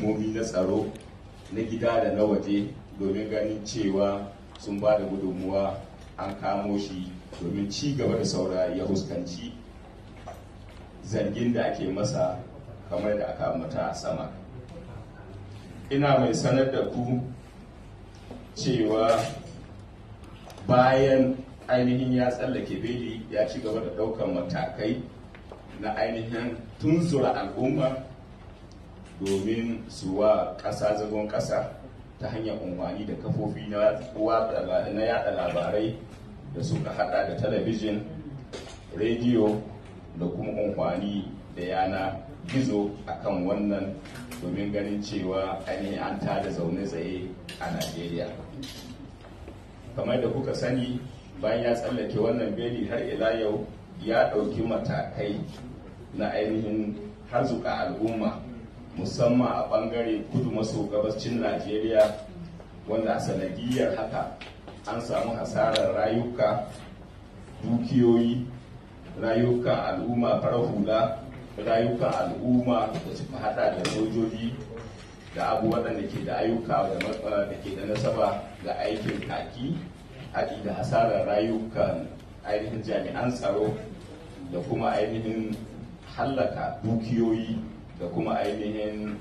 hukumomi na tsaro na gida da na waje domin ganin cewa sun ba da gudunmuwa an kamo shi domin ci gaba da saura ya fuskanci zargin da ake masa kamar da aka mata a sama ina mai sanar da ku cewa bayan ainihin ya tsallake beli ya ci gaba da ɗaukar matakai na ainihin tunzura al'umma domin su wa ƙasa zagon ƙasa ta hanyar umarni da kafofi na yada labarai da suka hada da talabijin rediyo da kuma umarni da yana gizo akan wannan domin ganin cewa ainihin an da zaune tsaye a najeriya kamar da kuka sani bayan ya tsallake wannan beli har ila yau ya ɗauki matakai na ainihin harzuka al'umma musamman a bangare kudu maso gabascin najeriya wanda a sanadiyar haka an samu hasarar rayuka dukiyoyi rayuka al'umma farar hula rayukan al'umma da suka hada da sojoji da abubuwan da ke da ayyuka da ke da nasaba ga aikin kaki haɗi da hasarar rayukan ainihin jami'an tsaro da kuma ainihin hallaka dukiyoyi da kuma ainihin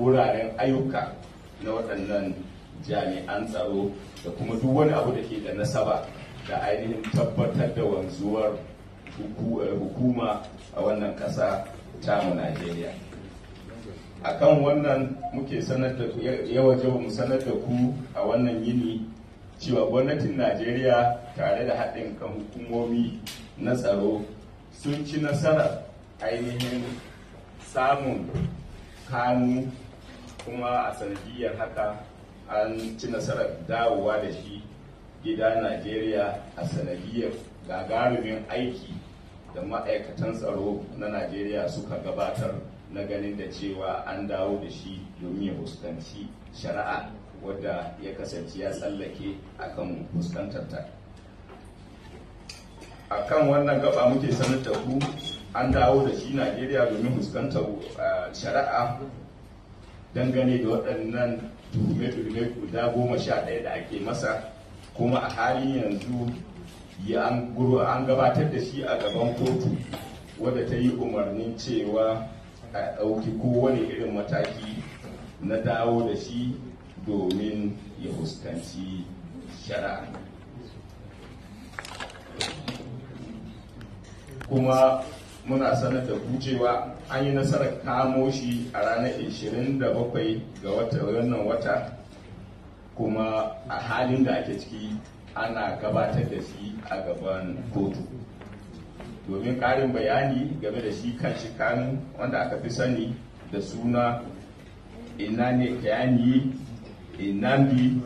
wuraren ayyuka na waɗannan jami'an tsaro da kuma duk wani abu da ke da nasaba da ainihin tabbatar da wanzuwar eh, hukuma a wannan ƙasa ta mu najeriya A kan wannan muke sanar da yawa mu sanar da ku a wannan yini cewa gwamnatin najeriya tare da haɗin kan hukumomi na tsaro sun ci nasarar ainihin samun kanu, kuma a sanadiyar haka an ci nasarar dawowa da shi gida najeriya a sanadiyar gagarumin aiki da ma'aikatan tsaro na najeriya suka gabatar na ganin da cewa an dawo da shi domin ya fuskanci shari'a wadda ya kasance ya tsallake akan fuskantar ta a kan wannan gaba muke sanar da ku an dawo da shi najeriya domin fuskantar eh, shari'a dangane da waɗannan tuhume-tuhume guda goma sha ɗaya da ake masa kuma a halin yanzu ya an gabatar da shi a gaban kotu wadda ta yi umarnin cewa a ɗauki kowane irin mataki na dawo da shi domin ya fuskanci shari'a kuma muna sanar da ku an yi nasarar kamo shi a ranar 27 ga wannan wata kuma a halin da ake ciki ana gabatar da shi a gaban kotu domin ƙarin bayani game da shi kan shi kanu wanda aka fi sani da suna ne kayani inambi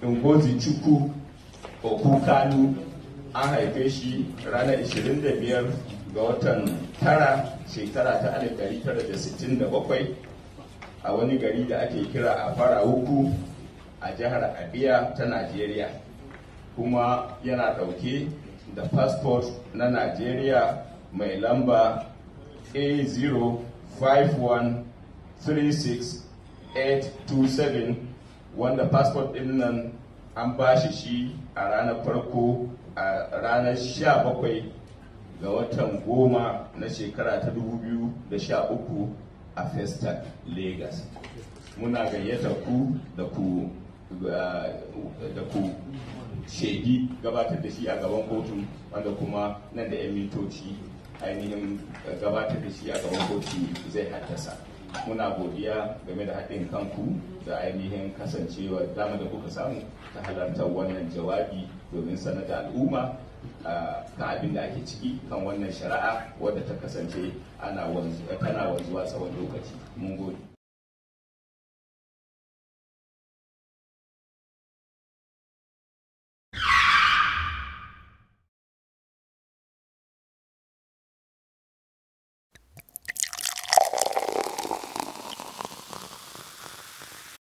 ingozi chukwu okukanu an haife shi ranar 25 ga watan tara shekara ta 1967 a wani gari da ake kira a fara uku a jihar abia ta najeriya kuma yana dauke da fasfot na najeriya mai lamba a 05136827 wanda fasfot din nan an ba shi shi a ranar farko a ranar sha bakwai ga watan goma na shekara ta da sha uku a festac lagos muna gayyata ku da ku da ku shaidi gabatar da shi a gaban kotu, wanda kuma nan da 'yan mintoci ainihin gabatar da shi a gaban kotu zai haddasa muna godiya game da haɗin kanku da ainihin kasancewa dama da kuka samu ta halartar wannan jawabi domin sanata al'umma kan abin da ake ciki kan wannan shari'a wadda ta kasance ana wanzuwa tsawon lokaci mun gode